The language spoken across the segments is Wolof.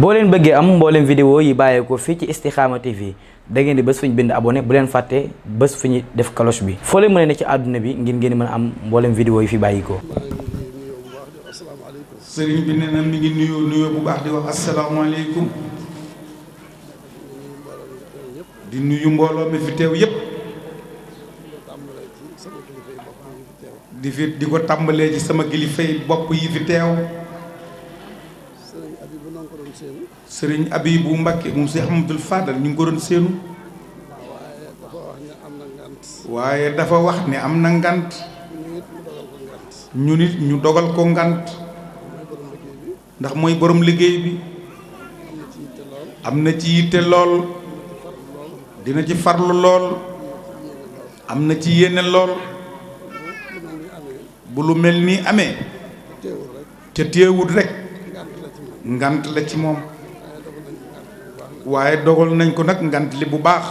boo leen bëggee am mbooleem vidéo yi bàyyeekoo fii ci Istikhama TV da ngeen di bés fu ñu bind abone bu leen fàttee bés fu ñu def cloche bi foo leen mën a ci àdduna bi ngir ngeen mën a am mbooleem vidéo yi fi bàyyikoo sëriñ bu baax di wax asalaamaaleykum di nuyu mbooloo mi fi teew yépp di ko tàmbalee ci sama kilifay bopp yi fi teew sëriñ bu Mbàkke moom Seex Ahmadul Fadal ñu ngi ko doon séenu waaye dafa wax ni am na ngant ñu nit ñu dogal ko ngant ndax mooy borom liggéey bi am na ci yitte lool dina ci farlu lool am na ci yenn lool bu lu mel nii amee te téewut rekk ngant la ci moom waaye dogal nañ ko nag ngant bu baax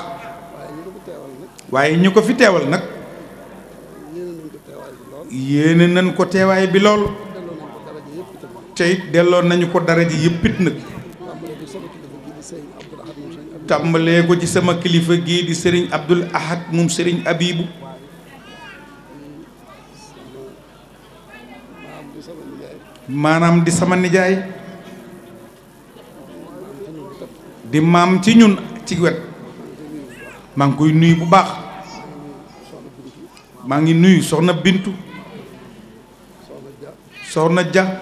waaye ñu ko fi teewal nag yéene nañ ko teewaay bi lool tey delloo nañu ko daraja yëppit nag tàmbalee ko ci sama kilifa gi di sëriñ Abdul Ahad moom sëriñ Abibu maanaam di sama nijaay di maam ci ñun ci wet maa ngi koy nuyu bu baax maa ngi nuyu soxna Bintu soxna Ja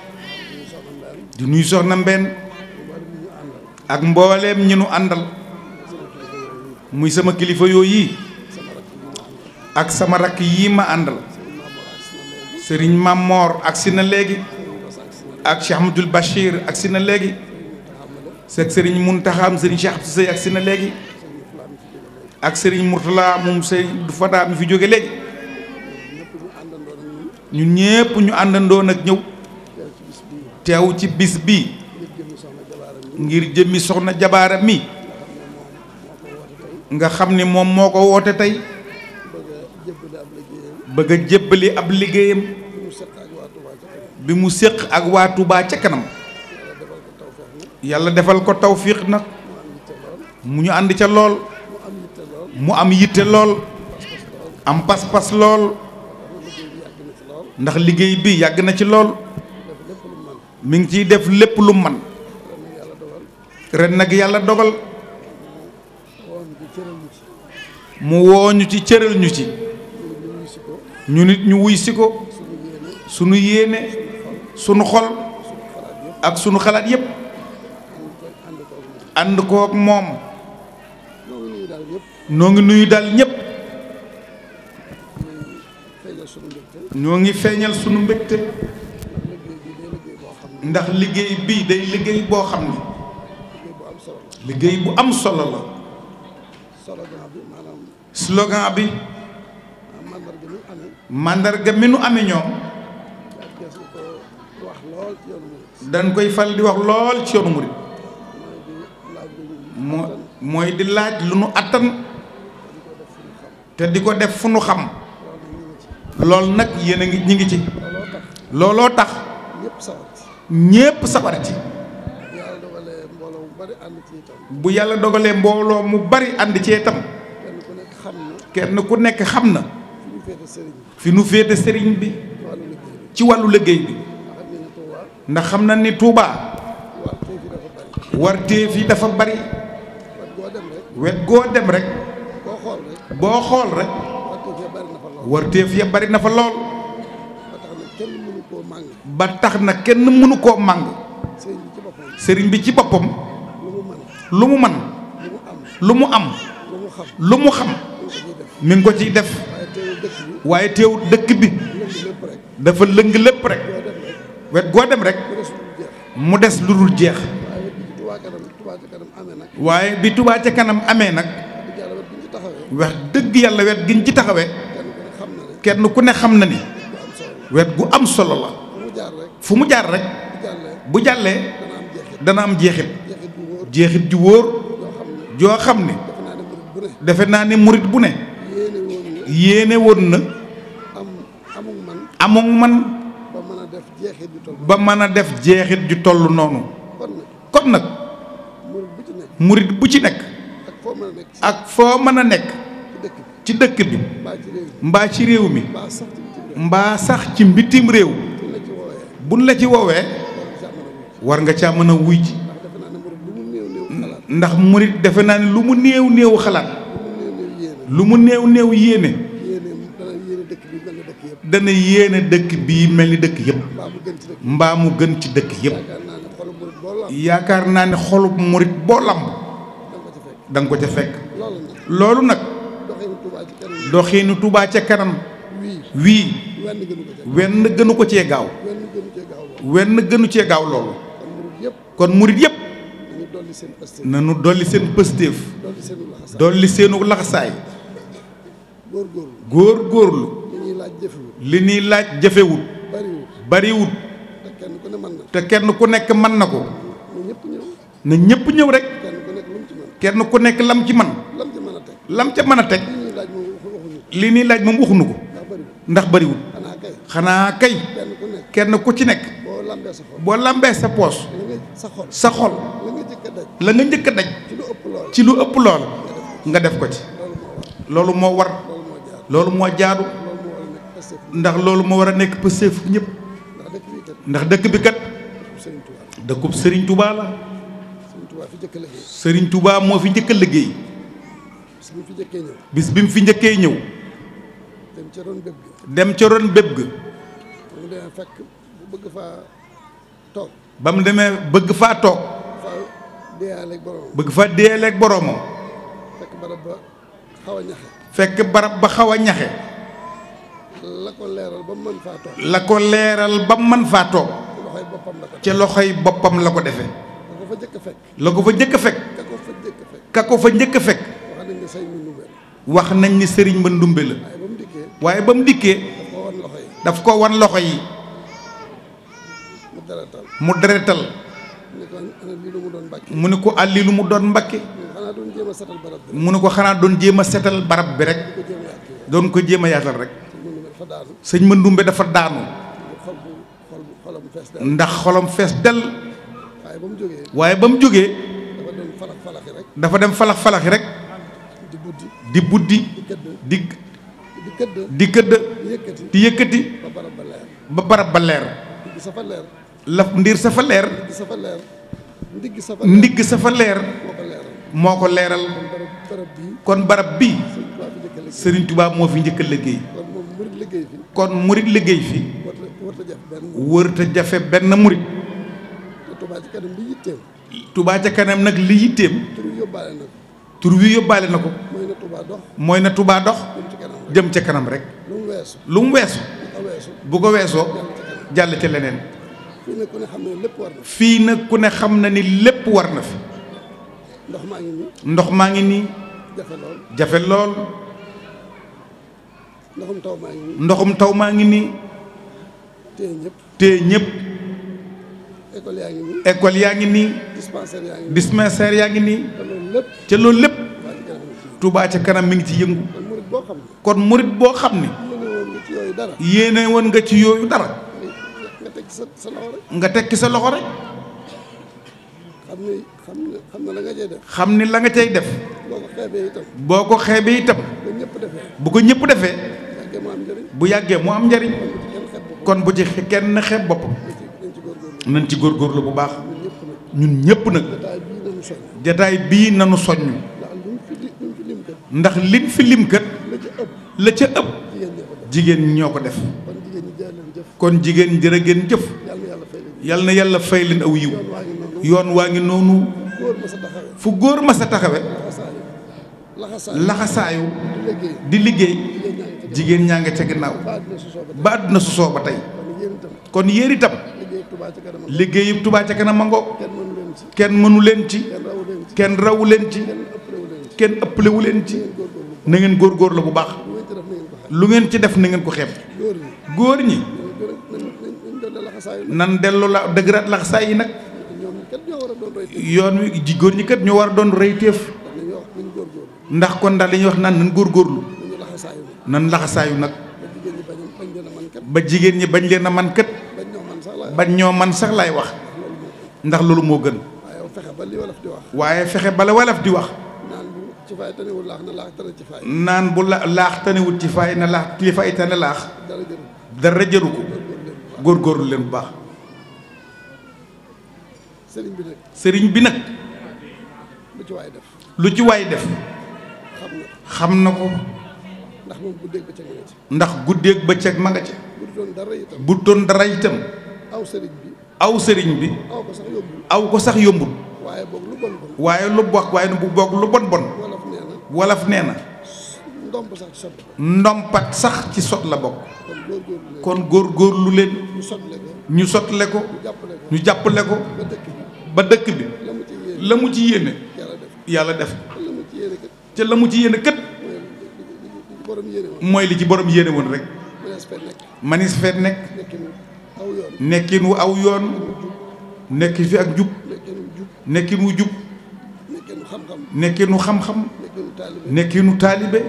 di nuyu soxna Mbenn ak mbooleem ñi àndal muy sama kilifa yooyu ak sama rakk yii ma àndal sëriñ Mamor ak si na léegi ak Cheikh Ahmadul Bachir ak si na léegi seeg sëriñ Muntaxa taxaam sëriñ Cheikh Abdou ak si na léegi ak sëriñ Mourtala moom sëriñ du fi jóge léegi ñun ñépp ñu àndandoon nag ñëw teew ci bis bi ngir jëmmi soxna jabaara mi nga xam ni moom moo ko woote tey bëgg a jébbali ab liggéeyam bi mu séq ak waatubaa ca kanam yàlla defal ko tawfiq nag mu ñu ànd ca lool mu am yitte lool am pas-pas lool ndax liggéey bi yàgg na ci lool mi ngi ciy def lépp lu man ren nag yàlla dogal mu woo ñu ci cëral ñu ci ñu nit ñu wuy si ko sunu yéene sunu xol ak sunu xalaat yépp ànd kook moom noo ngi nuyu daal ñépp ñoo ngi feeñal sunu mbégte ndax liggéey bii day liggéey boo xam ne liggéey bu am solo la slogan bi màndarga mi nu amee ñoom dañ koy fal di wax lool ci yoonu murit moo mooy di laaj lu nu attan te di ko def fu nu xam loolu nag yéen a ngi ñi ngi ci looloo tax ñépp sawar ci bu yàlla dogalee mbooloo mu bari ànd ci itam kenn ku nekk xam na fi nu féete sëriñ bi ci wàllu liggéey bi ndax xam na ni Tuubaa warteef yi dafa bari wet goo dem rek boo xool rek warteef ya bari na fa lool ba tax na kenn mënu koo màng sëriñ bi ci boppam lu mu man lu mu am lu mu xam mi ngi ko ciy def waaye teew dëkk bi dafa lëng lépp rek wet goo dem rek mu des lu dul jeex waaye bi tubaa ca kanam amee nag wax dëgg yàlla wet giñ ci taxawee kenn ku ne xam na ni wet gu am solo la fu mu jaar rek bu jàllee dana am jeexit jeexit ju wóor joo xam ni defe naa ne murit bu ne yéene woon na amul man ba mën a def jeexit ju toll noonu kon nag murit bu ci nekk ak foo mën a nekk ci dëkk bi mbaa ci réew mi mbaa sax ci mbitim réew buñ la ci woowee war nga caa mën a wuy ji ndax murit defe naa ne lu mu néew néew xalaat lu mu néew néew yéene dana yéene dëkk bi mel ni dëkk yëpp mbaa mu gën ci dëkk yépp yaakaar naa ne xolub murit boo lamb da ko ca fekk loolu nag doxiinu tubaa ca kanam wii wenn gënu ko cee gaaw wenn gënu cee gaaw loolu kon murit yëpp nanu dolli seen pëstéef dolli seenu laxasaay góor góorlu li ñuy laaj jëfewut bariwut te kenn ku nekk mën na ko na ñëpp ñëw rek kenn ku nekk lam ci man lam ca mën a teg li nii laaj moom waxuñu ko ndax bariwul xanaa kay kenn ku ci nekk boo lambee sa poos sa xol la nga njëkk a daj ci lu ëpp lool nga def ko ci loolu moo war loolu moo jaadu ndax loolu moo war a nekk pëseef ñëpp ndax dëkk bi kat dëkkub Serigne Touba la fi njëkk a liggéey. moo fi njëkk a liggéey. bis bi mu fi njëkkee ñëw. bis bi mu fi njëkkee ñëw. dem ca ron béb ga. dem ca ron béb ga. ba mu demee fekk bëgg faa toog. demee bëgg faa toog. bëgg faa deeyaleeg boromam. fekk barab ba xaw a ñaxe. fekk barab ba xaw ñaxe. la ko leeral ba mën faa toog. la ko leeral ba loxoy boppam la ko defee. ko fa njëkk a ko fa njëkk a fekk. ka ko fa njëkk fekk. wax nañ ni sëriñ Mandumbe ndumbe la. waaye ba mu dikkee. daf ko wan loxo yi. mu deretal mu deretal. mu ne ko àlli lu mu doon mbàkke. mu ne ko xanaa doon jéem a setal barab bi rek. doon ko jéem a yaatal rek. sëñ Mandumbe dafa daanu. ndax xolam fees dell. waaye ba mu jógee dafa dem falax falaxi rek di buddi di di këdd di yëkkati ba barab ba leer la ndiir sa fa leer ndigg safa leer moo ko leeral kon barab bi sëriñ tubaab moo fi njëkk liggéey kon murit liggéey fi wërta jafe benn murit Touba ca kanam nag li yitteem. tur wi yóbbaale na ko. tur wi yóbbaale na ko. mooy na Touba dox. jëm ca kanam rek. lu mu weesu. bu ko weesoo. jàll ca leneen. fii nag ku ne xam na ni lépp war na. fi. ndox maa ngi nii. ndox jafe lool jafe lool. ndoxum taw maa ngi nii. ndoxum taw téye ñëpp école yaa ngi nii école yaa ngi nii. dispensaire yaa ngi nii dispensaire ngi nii. te loolu lépp. Touba ca kanam mi ngi ci yëngu. kon murit boo xam ne. yéene woon nga ci yooyu dara. nga teg ci sa loxo rek. nga xam ni la nga cay def. xam ni la nga cay def. boo ko xeebee itam. bu ko ñépp defee. bu yàggee mu am njariñ kon bu ci kenn xeeb boppam. nañ ci góor góorgóorlu bu baax ñun ñëpp nag jataay bii nanu soññ ndax liñ fi limkat la ca ëpp jigéen ñoo ko def kon jigéen jërë ngeen jëf yal na yàlla fay leen aw yiw yoon waa ngi noonu fu góor ma sa taxawe laxasaayu di liggéey jigéen ñaa nga ca ginnaaw ba àdduna sosoo ba tey kon yéen itam liggéeyub Touba ca kanam ma ngoog kenn mënu leen ci kenn rawu leen ci kenn ëpplewu leen ci na ngeen góorgóorlu bu baax lu ngeen ci def na ngeen ko xeeb góor ñi nan dellu la dëgëraat laxasaay yi nag yoon wi ji góor ñi kat ñoo war a doon reyteef ndax kon daal li ñuy wax naan nan góorgóorlu nan laxasaayu nag ba jigéen ñi bañ leen a man kat bañ ñoo man sax lay wax ndax loolu moo gën waaye fexe ba la di wax naan bu laax tanewut ci faay na laax ci faay tane laax dara jëru ko góorgóorlu leen bu baax sëriñ bi nag lu ci waay def xam na ko ndax ba bëccëg ma nga ca bu doon dara itam aw sëriñ bi aw ko sax yombul waaye boog lu waaye lu bokk waaye bu boog lu bon bon wolof nee na ndompat sax ci sot la bokk kon góor góorlu leen ñu sotle ko ñu jàppale ko ba dëkk bi la mu ci yéene yàlla def ca la mu ci yéene kët mooy li ci borom yéene woon rek manis fee nekk nekkin wu aw yoon nekkin fi ak jub nekkin wu jub nekkinu xam-xam nekkinu taalibe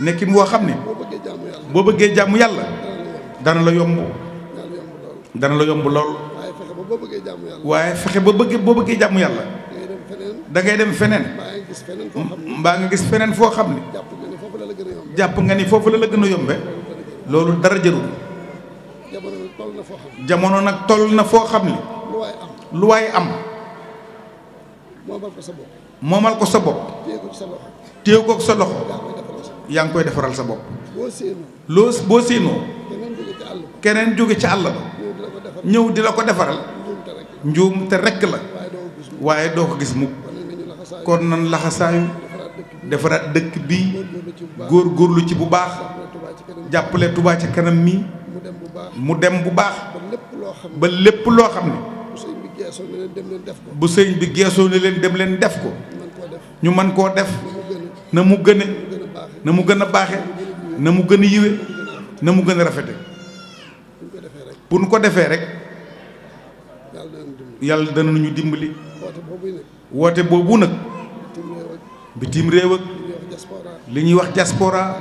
nekkin woo xam ne boo bëggee jàmm yàlla dana la yomb dana la yomb lool waaye fexe ba bëggee boo bëggee jàmm yàlla da ngay dem feneen mbaa nga gis feneen foo xam ne jàpp nga ni foofu la la gën a yombe loolu dara jarul jamono nag toll na foo xam ne lu waaye am moomal ko sa bopp téew ko sa loxo yaa ngi koy defaral sa bopp loo boo séenoo keneen jóge ci àll ñëw di la ko defaral njuum te rekk la waaye doo ko gis mukk kon nan laxasaayu defaraat dëkk bi góor góorlu ci bu baax jàppale Touba ci kanam mi bu mu dem bu baax. ba lépp loo xam ne ba bu sëñ bi geesoo ne leen dem leen def ko. ñu man koo def. na mu gëne na mu gën a baaxe na mu gën a yiwe na mu gën a rafete bu nu ko defee rek yàlla dana ñu dimbali woote boobu nag bitim réew ak li ñuy wax diaspora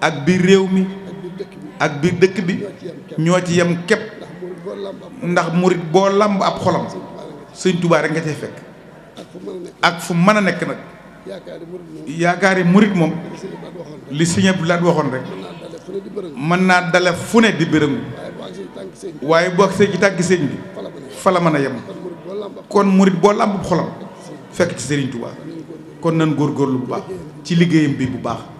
ak biir réew mi ak biir dëkk bi ñoo ci yem képp ndax murit boo làmb ab xolam sëñ tubaar rek nga cee fekk ak fu mën a nekk nag yaakaar yaakaari murit moom li sëñ Abdou Lahad waxoon rek mën naa dale fu ne di bërëm waaye boo see ci tàgg sëñ bi fa la mën a yem kon murit boo làmb ab xolam fekk ci sëriñ Tuubaa kon nan góorgóorlu bu baax ci liggéeyam bi bu baax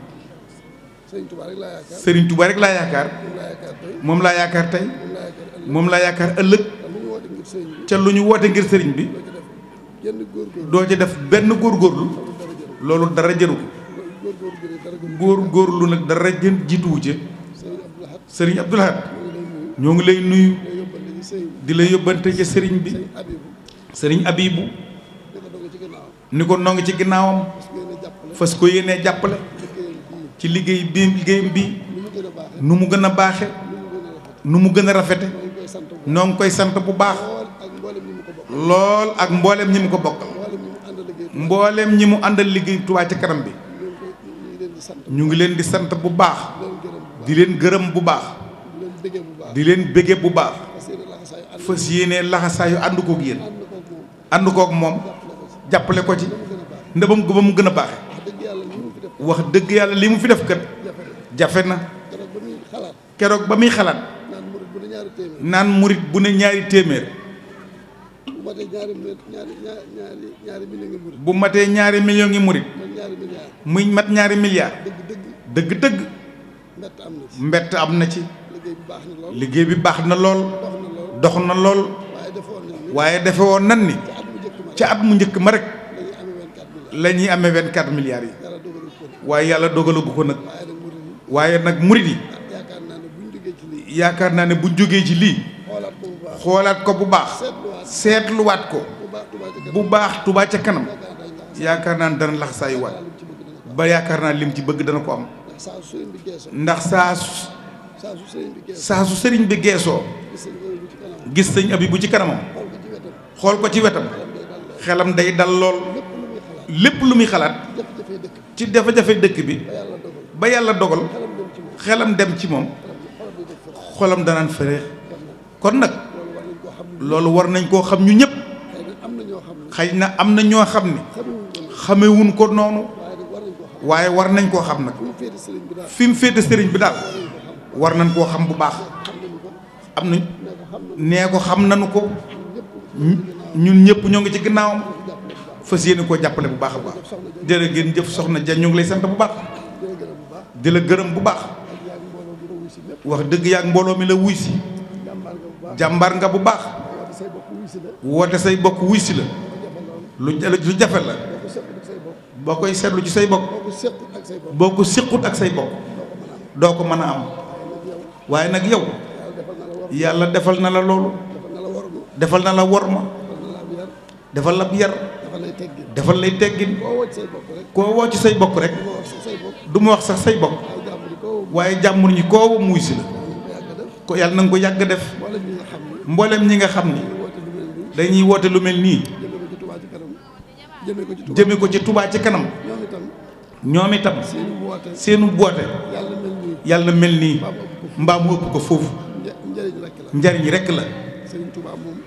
Serigne Touba rek laa yaakaar laa yaakaar. moom laa yaakaar tey moom laa yaakaar ëllëg. ca lu ñu woote ngir Serigne bi. doo ci def benn góor góorlu loolu dara jëru ko. góor góorlu nag dara jën jiituwu ci. Serigne Abdoul ñoo ngi lay nuyu. di la yóbbante ci Serigne bi. Serigne Abibou. ni ko noo ngi ci ginnaawam. fas ko yéenee jàppale. ci liggéey bii liggéeyam bi nu mu gën a baaxe nu mu gën a rafete noo ngi koy sant bu baax lool ak mbooleem ñi mu ko bokkal mbooleem ñi mu àndal liggéey Touba ci kanam bi ñu ngi leen di sant bu baax di leen gërëm bu baax di leen bége bu baax fas yéene laxasaayu ànd kook yéen ànd moom jàppale ko ci nda ba mu gën a baaxe wax dëgg yàlla li mu fi def kat jafe na keroog ba muy xalaat naan murit bu ne ñaari téeméer bu matee ñaari million ngi murit muy mat ñaari milliard dëgg dëgg mbett am na ci liggéey bi baax na lool dox na lool waaye defe woon nan ni ca at mu njëkk ma rek la ñuy amee vingt-quatre milliards yi waaye yàlla dogalagu ko nag waaye nag murid yi yaakaar naa ne bu jógee ci lii xoolaat ko bu baax seetluwaat ko bu baax Touba ca kanam yaakaar naa ne dana laxasaayu waat ba yaakaar naa lim ci bëgg dana ko am ndax saa su saa su sëriñ bi geesoo gis sëñ abi bu ci kanamam xool ko ci wetam xelam day dal lool lépp lu muy xalaat ci jafe-jafe dëkk bi ba yàlla dogal xelam dem ci moom xolam danaan fereex kon nag loolu war nañ koo xam ñu ñëpp xëy na am na ñoo xam ne xamewuñ ko noonu waaye war nañ koo xam nag fi mu féete sëriñ bi daal war nañ koo xam bu baax am na nee ko xam nañu ko ñun ñëpp ñoo ngi ci ginnaawam. fas yéene koo jàppale bu baax a baax jërë ngeen jëf soxna ja ñu ngi lay sant bu baax di gërëm bu baax wax dëgg yaa mbooloo mi la wuy si jàmbaar nga bu baax woote say bokk wuy si la lu lu jafe la boo koy seetlu ci say bokk boo ko siqut ak say bokk doo ko mën a am waaye nag yow yàlla defal na la loolu defal na la wor ma defal la yar defal lay teggin defal lay teggin koo woo ci say bokk rek du ma wax sax say bokk waaye jàmbur ñi koo muy si la ko yàlla na nga ko yàgg def mboolem ñi nga xam ni dañuy woote lu mel nii jëme ko ci tubaab ci kanam ñoom itam seenu boote yàlla mel nii mbaa mu ko foofu njariñ rekk la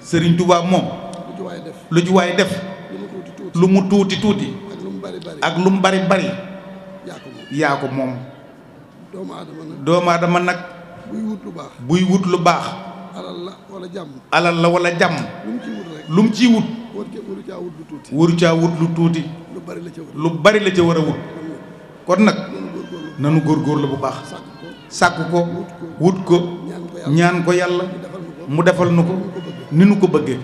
sëriñ Touba moom lu ci def lu mu tuuti tuuti ak lu mu bari bari yaa ko moom doomu aadama nag buy wut lu baax alal la wala jàmm lu mu ciy wut waru caa wut lu tuuti lu bari la ca war a wut kon nag nanu la bu baax sàkk ko wut ko ñaan ko yàlla mu defal nu ko ni nu ko bëggee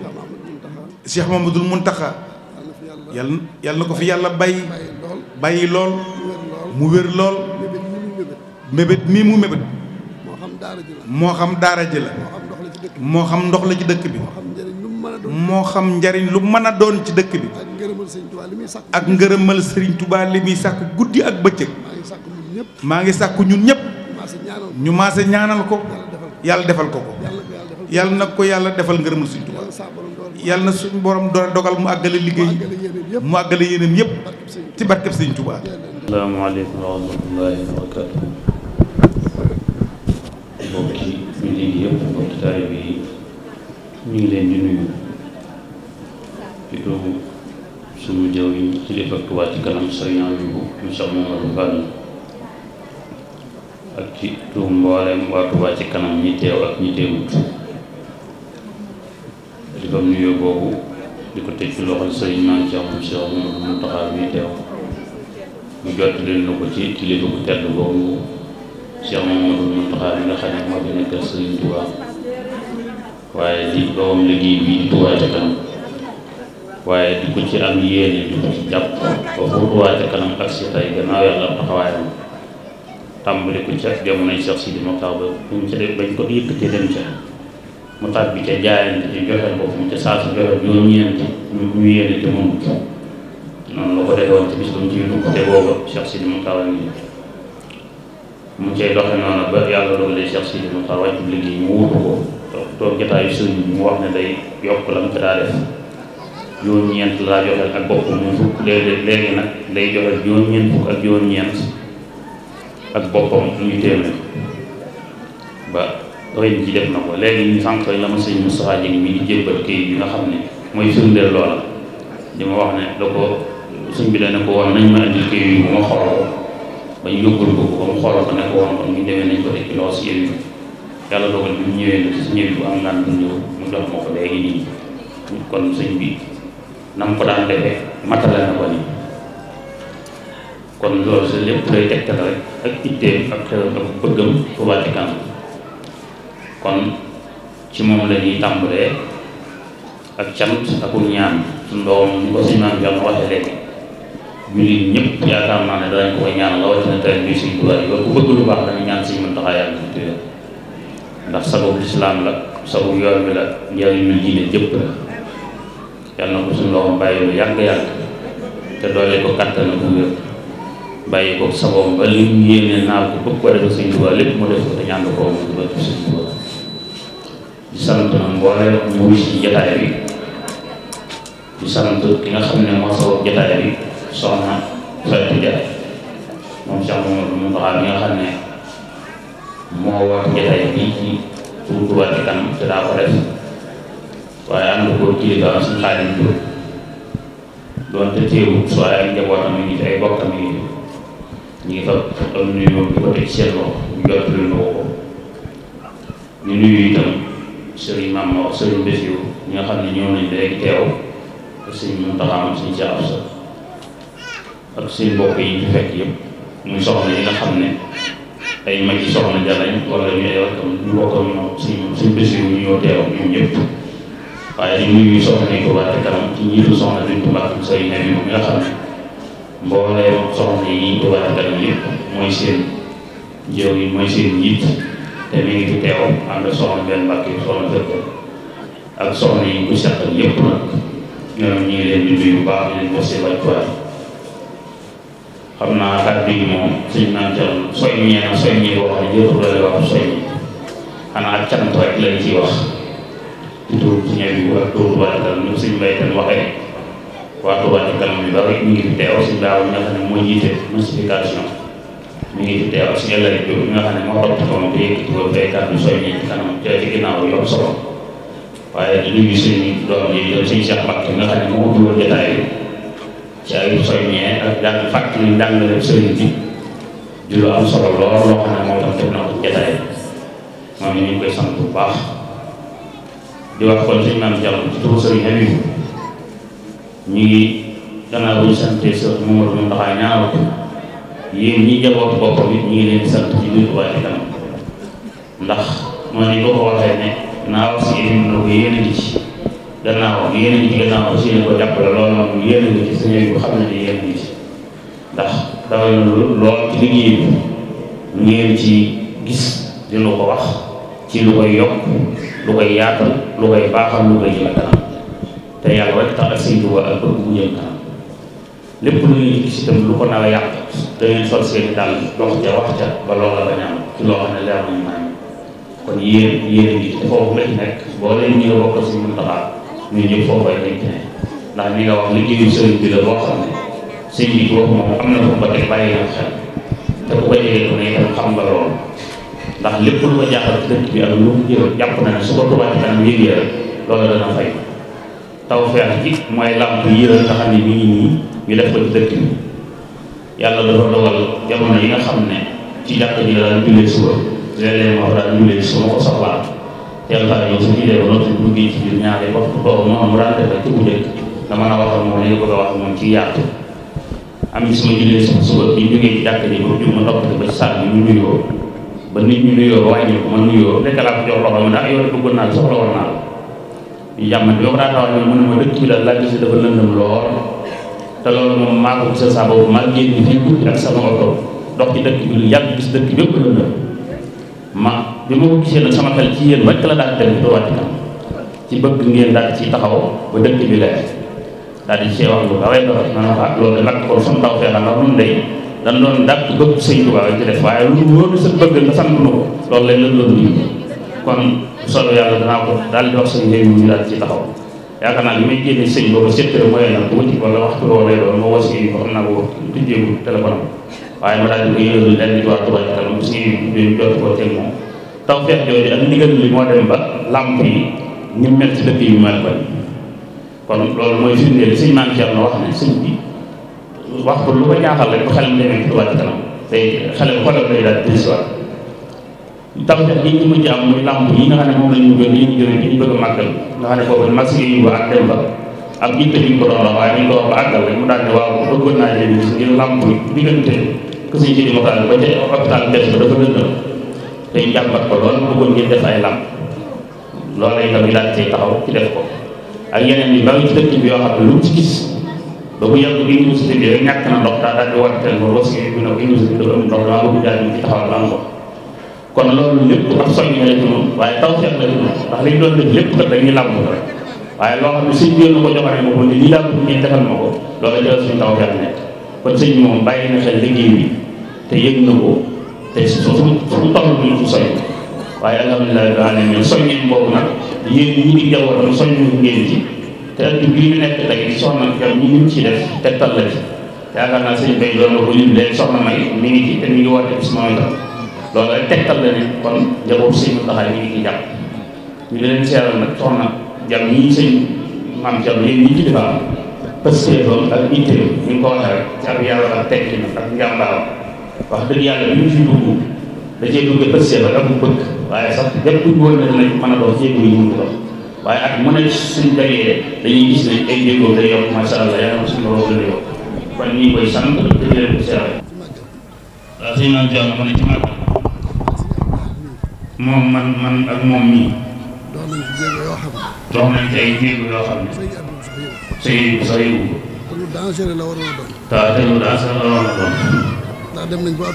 Cheikh Mamadou Mountakha yàlla yàlla na ko fi yàlla bàyyi bàyyi lool mu wér lool mébét mii mu mébét moo xam daara ji la moo xam ndox la ci dëkk bi moo xam njariñ lu mën a doon ci dëkk bi ak ngërëmal Sëriñ Tuubaa li muy sàkk guddi ak bëccëg maa ngi sàkk ñun ñëpp ñu maase ñaanal ko yàlla defal ko ko yàlla nag ko yàlla defal ngërëmal Sëriñ Tuubaa yàlla na suñu borom doon dogal mu àggale liggéey mu àggale yeneen yëpp ci barkeb sëñ Tuubaa. asalaamaaleykum wa rahmatullaahi wa barakaatu. mbokki jullit yi yëpp mbokki taalibe yi ngi leen di yi kilifa Tuubaa ci kanam sëriñ Abibu ñu sax Mamadou ak ci tuum mboolem waa ci kanam ñi teew ak ñi teewut. ba mu nuyoo boobu di ko teg ci loxol sëriñ maam Cheikh moom Cheikh Mamadou Mountakha bi teew mu jot leen ko ci kilifa bu tedd boobu Cheikh Mamadou Mountakha bi nga xam ne moo fi nekkal sëriñ Touba waaye di doom liggéey bi di Touba kanam waaye di ko ci am yéene di ko ci jàpp ba fu kanam ak si tey gannaaw yàlla am tàmbali ko ci ak jamonoy Cheikh Sidi Mokhtar ba buñ ca def bañ dem ca mu tàbbi ca jaayante ci joxe boppam ca saa su joxe juróom-ñeent ñu ñu yéene te mënut noonu la ko defee woon bis bu mu ciy dugg te booba Cheikh Sidi Moukhtar nii mu cay ko toog toog jotaayu sëriñ bi mu wax ne day yokk la mu ca daa def juróom-ñeent laa joxel ak bopp mu fukk léeg-léeg nag day joxel juróom-ñeent fukk ak juróom-ñeent ak boppam ñuy téeméer ba ren ji def na ko léegi ñu sànq la ma sëñ Moustapha Dieng mi nga xam ne mooy firndeel loola li ma wax ne da ko suñ bi la ne ko won nañ ma indi kii yi bu ma xooloo ba ñu yóbbul ne nañ ko teg ci loxo si ñëwee bu am naan bu ñëw mu jox ma ko léegi nii kon sëñ bi na mu ko daan defee matale ko nii kon loolu si lépp lay tegtal rek ak ittee ak xew ak bëggam Touba Ca kon ci moom la ñuy ak cant akum ñaan suñu doom ni ko suñu maam jàmm waxee léegi jullit ñëpp yaakaar naa ne danañ ko na tey bii suñu tubaab yi ba bëgg lu baax dañu ñaan suñu mën taxaa yàlla fi ndax sababu lislaam la sababu yoon bi la njëriñu diine jëpp la yàlla na ko suñu doom bàyyi lu yàgg-yàgg te doole ko kattan ko bàyyi ko saboom ba li mu yéene naa ko bëgg ko defal suñu tubaab lépp mu def ko te ñaan ko moom dugal ko suñu tubaab sant na mboolem ñu wis ci jataay bi di sant nga xam ne moo sabab jataay bi soxna Fatou Dia moom sax moom mu doxal mi nga xam ne moo woote jataay bii ci tur Touba Ca Kanam te daa ko def waaye ànd ko kilifa suñu xaalim ngi fi ay bokkam ñu ngi ngi fa am nuyoo di ko teg seen loxo ñu jot lu ñu ko ñu nuyu itam sëriñ maam ma wax sëriñ bés yu ñi nga ne ñëw nañ léegi teew ak sëriñ Muntaxa ak sëriñ Cheikh Absa ak seen yi ñu fekk yëpp muy soxna yi nga xam ne ay mag yi soxna jalañ wala ñu ay waxtam ñu bokkam ñoom sëriñ sëriñ bés yu ñu ñoo teew ñoom ñëpp waaye ñu ñuy soxna yi ko baax kanam ci ñiitu soxna duñ ko baax sëriñ Nabi moom nga xam ne mbooleem soxna yi ko baax kanam yëpp mooy seen jëw yi mooy seen njiit te mi ngi ci teew ànd soxna benn mbàkk yi soxna fëkk ak soxna yi ko seqal yëpp nag ñoom ñii leen di nuyu baax di leen ko sébaj waaye xam naa kàddu yi moom suñ naan ca soññee na soññee boo xam ne jëtul la wax soññi xanaa cant rek lañ ci wax ci turu ci ñëw yi ak turu Touba Ca Kanam ñu suñ mbay tam waxee waa Touba Ca Kanam yu bari ñu ngi fi teew suñ daaw ña xam ne moo jiite massification mi ngi fi teew suñu la bi nga xam ne moo rottoon ba yëkkati ko baykat bi soññi ci kanam ci ginnaaw yóbbu solo waaye di nuyu suñu doom yi yow suñu Cheikh Mbacke nga xam ne moo ubbi woon jotaay bi ci ay soññee ak jàng fàttali njàngale sëriñ bi di lu am solo lool loo xam ne moo tax teg na ko jotaay moom ñu ngi koy sant bu baax di wax kon suñu maam Diallo ci turu sëriñ Habib ñu ngi gannaaw bu ñu santee sëriñ Mamadou Mountakha ñaanal ko yéen ñi jaboot boppam it ñu ngi leen sant ci biir waaye itam ndax moo ni ko ko waxee ne naaw si yéen na ko yéen ci gannaaw yéen a ci gannaaw aussi ne ko ci suñu bu xam ne ne yéen a ngi ci ci gis di lu ko wax ci lu koy yokk lu koy yaatal lu koy baaxal lu koy jëme kanam te yàlla rek tax ak sëñ Tuubaa ak bëgg bu jëm kanam lépp lu ñuy gis itam lu ko nar si mun lu ko jaaxal ci dëkk bi ak lu mu jël loolu dana fay taw feex mooy làmp yëral nga xam ne mi ngi nii ñu def ko ci dëkk bi yàlla dafa dogal jamono yi nga xam ne ci jàkk ji la suba léeg-léeg moo fa suba ko soxlaa teel faa ñëw su jullee ba noppi duggee ci biir am daan defee ci bu njëkk dama na waxal moom li nga bëgg a ci yaatu am bis ma jullee ji ba nuyoo ba nit ñu nuyoo ba wàññi ko ma nuyoo lekk laa ko jox loxo ma ndax ah, yow de bëggoon naa la yàmm bi ba ko te loolu moom maa ko gisal saa boobu maa génn fii guddi ak sama oto dox dëkk bi lu yàgg gis dëkk bépp la ma bi ma ko gisee nag sama xel ci yéen rek la daal dem Touba Ca Kanam ci bëgg ngeen daal ci taxaw ba dëkk bi leer daal di see wax lu daway doxe ma ne ko ak ah, loolu nag kon suñu taw feexal ndax nun day dañ doon dàq bëgg sëñ Tuubaa ci bëgg nga sant nu ko loolu lañ la doon kon solo yàlla danaa ko daal di wax yaakaar naa bi may génne sëñ boobu sept mooy nag bu ma ci wala waxtu woowee loolu ma woo si yi ko xam naa ko tijjeeku téléphone waaye ma daal di ko yëgal lenn di waa Touba Ca Kanam si bi jot koo teg moom taw feex jooju ak ndigal li moo dem ba làmp yi ñu mel ci dëkk yi mel bari kon loolu mooy firndeel sëñ maam na wax ne sëñ bi wax ko lu ko jaaxal rek bu xelam demee ci Touba Ca Kanam te xelam xolam lay daal di tam li ñu mujj am muy làmp yi nga xam ne moom la ñu bëgg li ñu jógee ñu bëgg a màggal nga xam ne boobu masque yi ñu ak dem ba ak yitte bi ñu ko doon wax waaye ñu ko wax ba àggal rek mu daal ne waaw bëggoon naa leen gis ngir làmp bi diggante que suñu jëriñ waxtaan ba ca hôpital des ba dafa lëndëm te ñu jàmbat ko lool bëggoon ngeen def ay làmp loolu itam ñu daal cay taxaw ci def ko ak yeneen yi bari ci dëkk bi yoo xam ne lu mu ci gis ba bu yàgg université bi rek ñàkk na ndox daa daal di wàtteel ba aussi bi na ko université bi dafa am ndox daa bëgg daal ñu ci taxaw làmp kon loolu lépp ab soññ la ci moom waaye taw feex la ci moom ndax li ñu doon def lépp kat dañuy waaye loo xam ne suñ jël ko ko ni lii laa ko ngeen defal ma ko loolu jël suñ taw feex bi moom bàyyi na xel te yëg na ko te su su soññ waaye alhamdulilah bi alamin soññeen boobu nag yéen ñi di jawwatam soññ ngeen ci ñu nekk tey soxna jam ñi ñu ci def tegtal la ci yaakaar naa sëñ bay doon na ko lim léegi soxna ngi ci te mi ngi woote bis mooy la loolu rek tegtal la nit kon njaboot sëñ Muntaxa ñu ngi ciy jàpp ñu leen seeral nag soxna jam ñii sëñ maam jam yéen ñi ci defaat parce que loolu ak itteel ñu ngi ko waxee rek ci ab yàlla ak tekki ak njàmbaaram wax dëgg yàlla bi da cee dugg parce que mu bëgg waaye sax lépp bu woon ne dinañ mën a dox jéego yi mënul dox waaye ak a suñ dajee ne ay jéego day yokk macha allah kon ñu ngi koy sant leen ko seeral waaw moom man man ak moom mii. dox nañ ci jéego yoo yoo xam a doon. la waroon a doon. ndax dem nañ ba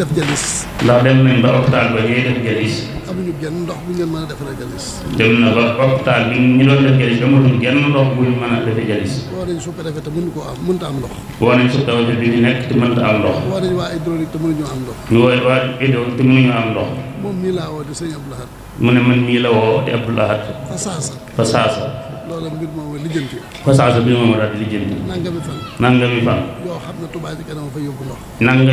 def jalis. ndax dem nañ ba ba ñuy def jalis. amuñu genn ndox bu ñu a defaree jalis. dem na ba hôpital bi ñu doon def jalis amatuñ genn ndox bu ñu mën a defee jalis. woo nañ sous am a am ndox. woo nañ ñu nekk te am ndox. woo nañ te mënuñu am ndox. ñu woo waa am ndox. moom mii laa woo di sëñ Abdou Lahad mu ne man mii la woo di Abdou Lahad fa saasa fa saasa loola mbir moom lijjanti fa saasa mbir moom daal di lijjanti nangami fan nangami fan yoo xam ne Touba fan yoo xam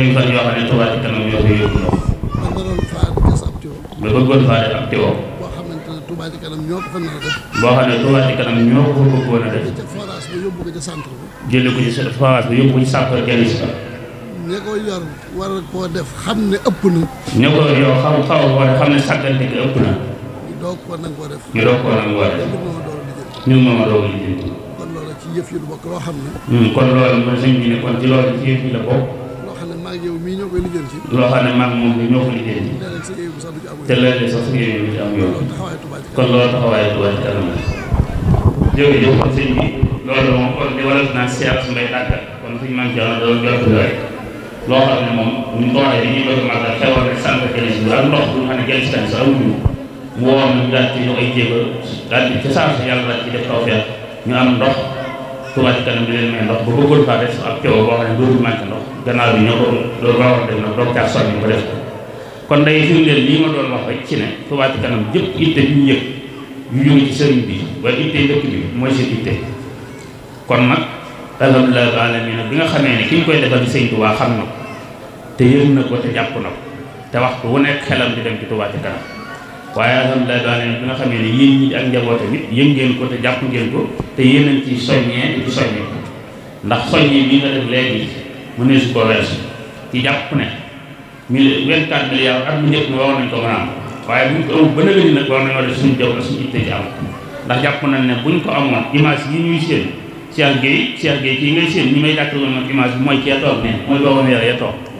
ne Touba kanam ñoo ko fa nar a def boo xam ne Touba kanam ñoo ko fa a def jëlee ko ci forage ba ko ci centre ba jëlee yóbbu ko ci centre ba ña ko yor war koo def xam ne ëpp na. ña ko yor xam a xam ne sàggante gi ëpp na. ñu koo def. moom a doog a lijjanti. kon hmm, ko loolu taxawaayu kon sëñ bi loolu moom kon di su may dàggal kon suñu man ci doon jot loo xam ne moom buñ ndox bu nga xam ne kenn si tamit sax amuñu mu ñu daal ci ay jéego ndox Touba ba bëggul faa def ab coow ko loolu waroon def nag doog bi ñu kon nag alhamdulilah alamin bi nga xamee ne ki ñu koy defal sëñ Touba xam na te yëg na ko te jàpp na ko te waxtu wu nekk xelam di dem ci Touba Ca Kanam waaye alhamdulilah daaneel bi nga xamee ne yéen ñi ak njaboot tamit yëg ngeen ko te jàpp ngeen ko te yeneen nañ ci soññee ci soññee ndax soññee bii nga ko weesu jàpp ne mille mi waroon nañ ko mën a am waaye buñ ko amul ba nëgëni nag war nañoo def suñu jaww la suñu itte ci am ndax jàpp nañ ne buñ ko amoon image yi ñuy seen Cheikh Gueye Cheikh Gueye kii ngay seen ñi may jàkkar woon image bi mooy kee toog ne mooy boobu yàlla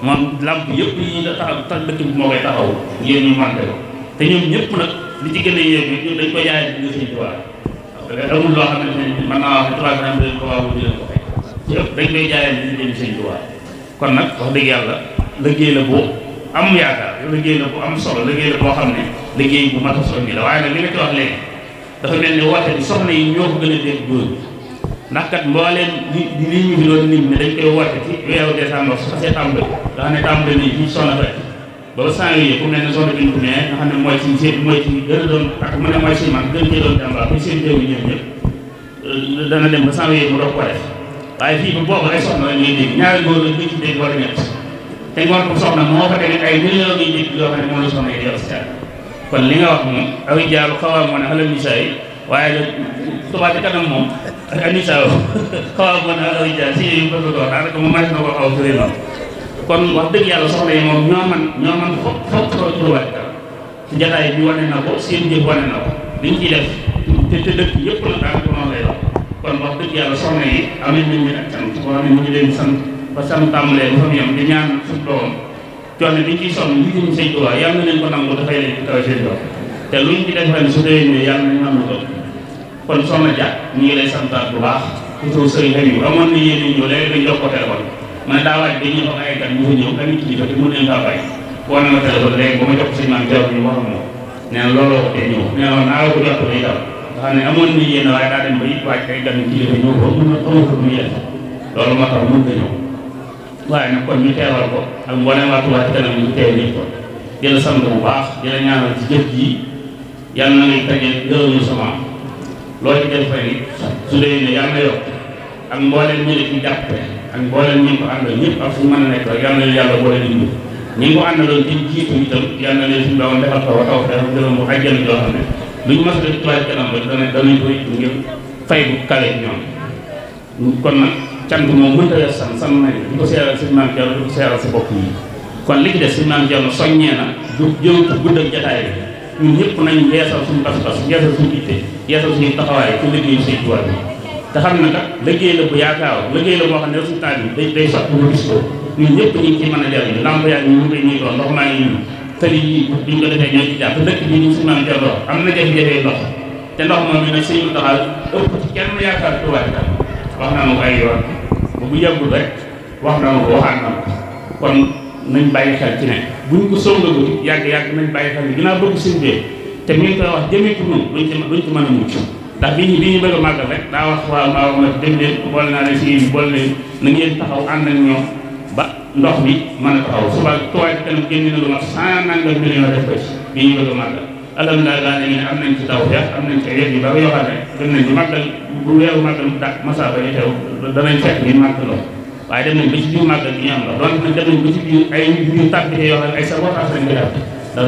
moom làmp yëpp yi da taxaw tax dëkk moo koy taxaw ngeen ñu mànte ko te ñoom ñëpp nag li ci gën a yéeme ñoom dañ ko jaayee bi nga loo xamante ne mën naa wax trois ko waawu di leen ko fay yëpp dañ koy jaayee bi ñu dem sëñ Tuubaa kon nag wax dëgg yàlla liggéey la boo am yaakaar liggéey la bu am solo liggéey la boo xam ne liggéey bu mat a soññi la waaye nag li nga ci wax léegi mel ne woote bi soxna yi ñoo ko gën a dégg góor ndax kat mbooleem li li ñu fi doon lim ne dañ koy woote ci weeru décembre su xasee tàmbali fa booba sant nga xam ne mooy suñu seen mooy suñu gën a doon ak euh, ba ba boobu ay soxna moom la soxna yi di yor si kon li nga wax moom awi jaaru xawaa moo ne xalal nisaa yi waaye nag Touba Ca Kanam moom ak ANISA xaw a mën a ja si yu doon daanaka moom mën na ko xaw a noonu kon wax dëgg yàlla soxna yi moom ñoo man ñoo man fop fop soo Touba Ca Kanam si jataay bi wane na ko seen jëf wane na ko liñ ciy te te yëpp la daanaka noonu lay kon wax dëgg yàlla soxna amee nañ leen ak sant boo xam ne leen sant ba sant tàmbalee ba fa mu yem ñaan suñu doom coono bi ciy sonn ñu jëm sëñ Tuubaa yàlla na leen ko nangu dafay leen kon soxna Dia ñu ngi lay bu baax ci turu sëriñ Aliou amoon na ñu fa ñëw tamit ma téléphone ba ma jox ko sëñ maam Diaw ñu wax ak moom nee na looloo ko tee ne amoon waaye daa dem ba it waaj ay gan kilifa ñëw ko mën amatul muy loolu moo tax mën nga waaye nag kon ñu teewal ko ak mboolem waa Touba ci kanam ñu teew ñëpp ko di la bu baax di la ñaanal ci jëf ji yàlla na ngay tajee gërëmu loolu ci ngeen fay it su dee ne yàlla na yokk ak mbooleem ñi ne ci ak mbooleem ñi ko àndal ñëpp ak fu mën a nekk rek yàlla na yàlla boole ne lu ñu mas a def tuwaay kanam rek dana danañ ko it ngir fay bu kale ñoom kon nag cant moom mënta wees san san nañ di ko seeral si maam Diallo seeral si bopp yi kon li ci des si maam Diallo soññee na du jëm gudd ak jataay bi ñun ñëpp nañ yeesal suñu pas-pas yeesal suñu itte yeesal suñu taxawaay ci liggéeyu sëñ Tuubaa bi te xam ne kat liggéey la bu yaakaar liggéey la boo xam ne résultat bi day day sax ñu gis ko ñun ñëpp ñu ngi ci mën a jariñ lamp yaa ngi ñu ngi ñuy doon ndox maa ngi ñu tëli yi bu ñu ko defee ñoo ci jàpp dëkk bi ñu si maam jalloo am na jafe-jafe ndox te ndox moom ñu ne sëñ Muntaxa ëpp ci kenn yaakaar Tuubaa bi wax naa ma ko ay yoon bu bu yàggul rek wax naa ma ko waxaat na ko kon nañ bàyyi xel ci ne buñ ko songagul yàgg-yàgg nañ bàyyi xel ni ginnaaw bëgg sëñ bi te mi ngi koy wax jëmee ci ñun duñ a mucc ndax bi ñu bi a màggal rek daa wax waaw maa wax dem leen boole naa leen si yéen boole leen na ngeen taxaw ànd ak ñoom ba ndox mi mën a taxaw suba tuwaay ci kanam génn na lu mat cent nangam million def ko ci bi ñu bëgg a màggal alhamdulilah daa ne am nañ ci taw feex am nañ ci yi ba yoo xam ne dem nañ ci màggal bu weeru màggal da ba yi teew danañ fekk ñu màgg ndox waaye dem nañ ba ci biir màggal am ndox doon nag dem nañ ba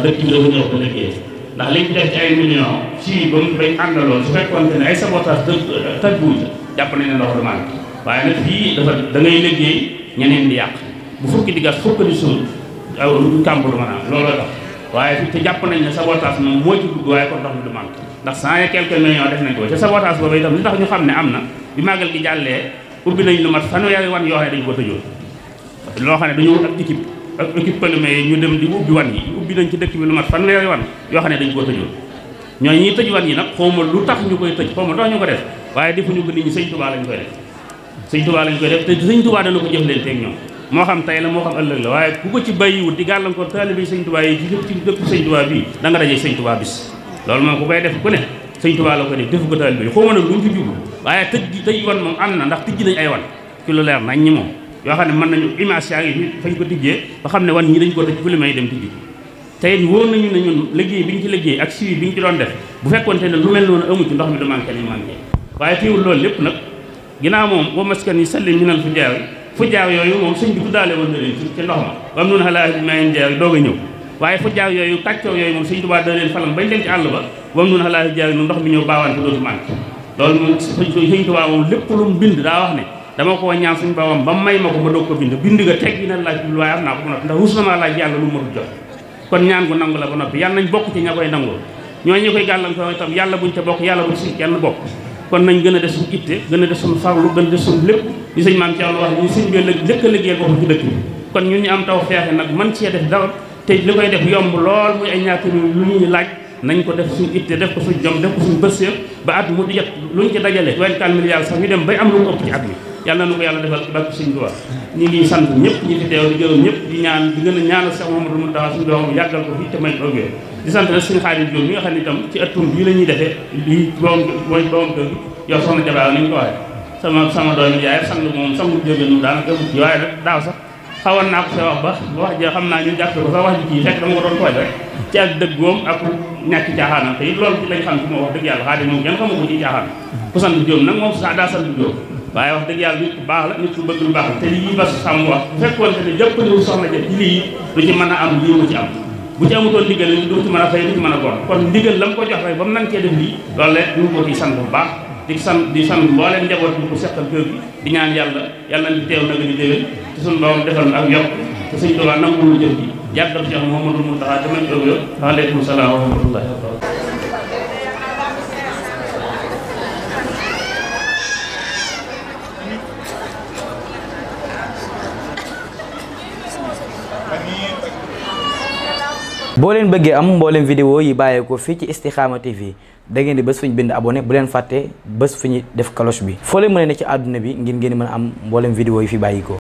ci ndax liñ def ci ay millions fii ba mu bañ àndaloon su fekkoon ne ay sabotage të tëgguwuñ jàpp nañ ne ndox du manqué waaye nag fii dafa da ngay liggéey ñeneen di yàq bu fukki di gas fukki di suul aw kàmb lu mën a am looloo tax waaye fi jàpp nañ ne sabotage moom moo ci dugg waaye kon ndox mi du manqué ndax cent et quelques millions def nañ ko te sabotage boobu itam tax ñu xam ne am na bi màggal gi jàllee ubbi nañ lu mat fanweeri wan yoo xam ne dañu ko tëjoon loo xam ne dañu wut ak ak équipe pëlume yi ñu dem di ubbi wan yi ubbi nañ ci dëkk bi lu mat fanweeri wan yoo xam ne dañ koo tëjoon ñooy ñiy tëj wan yi nag xawma lu tax ñu koy tëj xawma dox ñu ko def waaye ko nit ñi sëñ tubaa lañ koy def lañ koy def te sëñ tubaa dana ko jëflanteeg ñoom moo xam tey la moo xam ëllëg la waaye ku ko ci bàyyiwut di gàllankoor taalibe yi sëñ tubaa yi ci lépp ci dëkk sëñ tubaa bii da nga dajee tubaa bis loolu moom ku koy def ku ne sëñ tubaa la ko def defu ko taalibe yi xawma nag lu ñu ci jublu waaye tëj gi tëj wan moom am na ndax leer nañ ñi moom yoo xam ne mën nañu image yaa ngi fañ ko tijjee ba xam ne wan ñi dañ ko tëj fu li dem tijji te it wóor nañu ne ñun liggéey bi ñu ci liggéey ak suivi bi ñu ci doon def bu fekkonte ne lu mel noonu amu ci ndox mi du manqué ni manqué waaye teewul loolu lépp nag ginnaaw moom wa maskan yi salli minal fu jaaw fu jaaw yooyu moom sëñ bi tuddaale woon na leen ci ndox ma wam noonu xalaa bi maayeen jaaw doog a ñëw yooyu moom sëñ Tuubaa da leen falang bañ dem ci àll ba ndox mi ñëw baawaan ko dootu manqué loolu moom sëñ Tuubaa moom lépp lu mu bind daa wax ne dama koo ñaan suñu borom ba may ma ko ma doog ko bind bind ga teg bi na laaj bi waaye am naa ko ba noppi ndax rus na maa laaj yàlla lu ma dul jot kon ñaan gu nangu la ba noppi yàlla nañ bokk ci ña koy nangul ñoo ñu koy gàllankoor itam yàlla buñ bokk yàlla buñ si kenn bokk kon nañ gën a def suñu itte gën a def suñu farlu gën a def suñu lépp li sëñ maam Thierno wax ñu sëñ bi njëkk a liggéeyal boppam ci dëkk bi kon ñun ñu am taw feexe nag man cee def dara te li koy def yomb lool muy ay ñaata lu ñuy laaj nañ ko def suñu itte def ko suñu jom def ko suñu bësseef ba at mu di jot luñ ci dajale 24 milliards bay am lu mu ëpp ci yàlla na ko yàlla defal ci barke Sëñ Tuubaa ñu ngi sant ñëpp ñi fi teew di gërëm ñëpp di ñaan di gën a ñaanal Cheikh Mouhamadou Mountakha suñu doom yàggal ko fi te may toogee di sant nag suñu xaarit Diop mi nga xam ne itam ci ëttum bii la ñuy defee lii boom mooy boom kër yow soxna jabaar nañ ko waxee sama sama doom yaay sang moom sang jóge nu daanaka ci waaye rek daaw sax xawoon naa ko sa wax ba wax ji xam naa ñu jàpp ko sax wax ji kii fekk dama ko doon tooñ rek ci ak dëggoom ak ñàkk caaxaanam te it loolu lañ xam ci moo wax dëgg yàlla xaarit moom kenn xamu ko ci caaxaan ku sant Diop nag moom sa daa sant Diop waaye wax dëgg yàlla nit ku baax la nit ku bëgg lu baax la te lii ba sàmm wax bu fekkoon te ne jàppaliwu soxna ja ci lii du ci mën a am lii mu ci am bu ci amutoon ndigal li du ci mën a fay du ci mën a kon ndigal la mu ko jox rek ba mu nang cee def lii loolu rek ñu ngi ko ciy sant bu baax di sant di sant mbooleem njaboot bi ko seqal kër gi di ñaan yàlla yàlla nañ teew nag ñu déwén te suñu borom defal ak yokk te suñ tolaa nangu lu jëf ji yàggal Cheikh Mouhamadou Mountakha damañ toog yo waaleykum salaam boo leen bëggee am mbooleem vidéo yi bàyyeekoo fii ci Istikhama TV da ngeen di bés fu ñu bind abonné bu leen fàttee bés fu ñu def cloche bi foo leen mën a ne ci àdduna bi ngir ngeen mën am mboolem vidéo yi fi bàyyikoo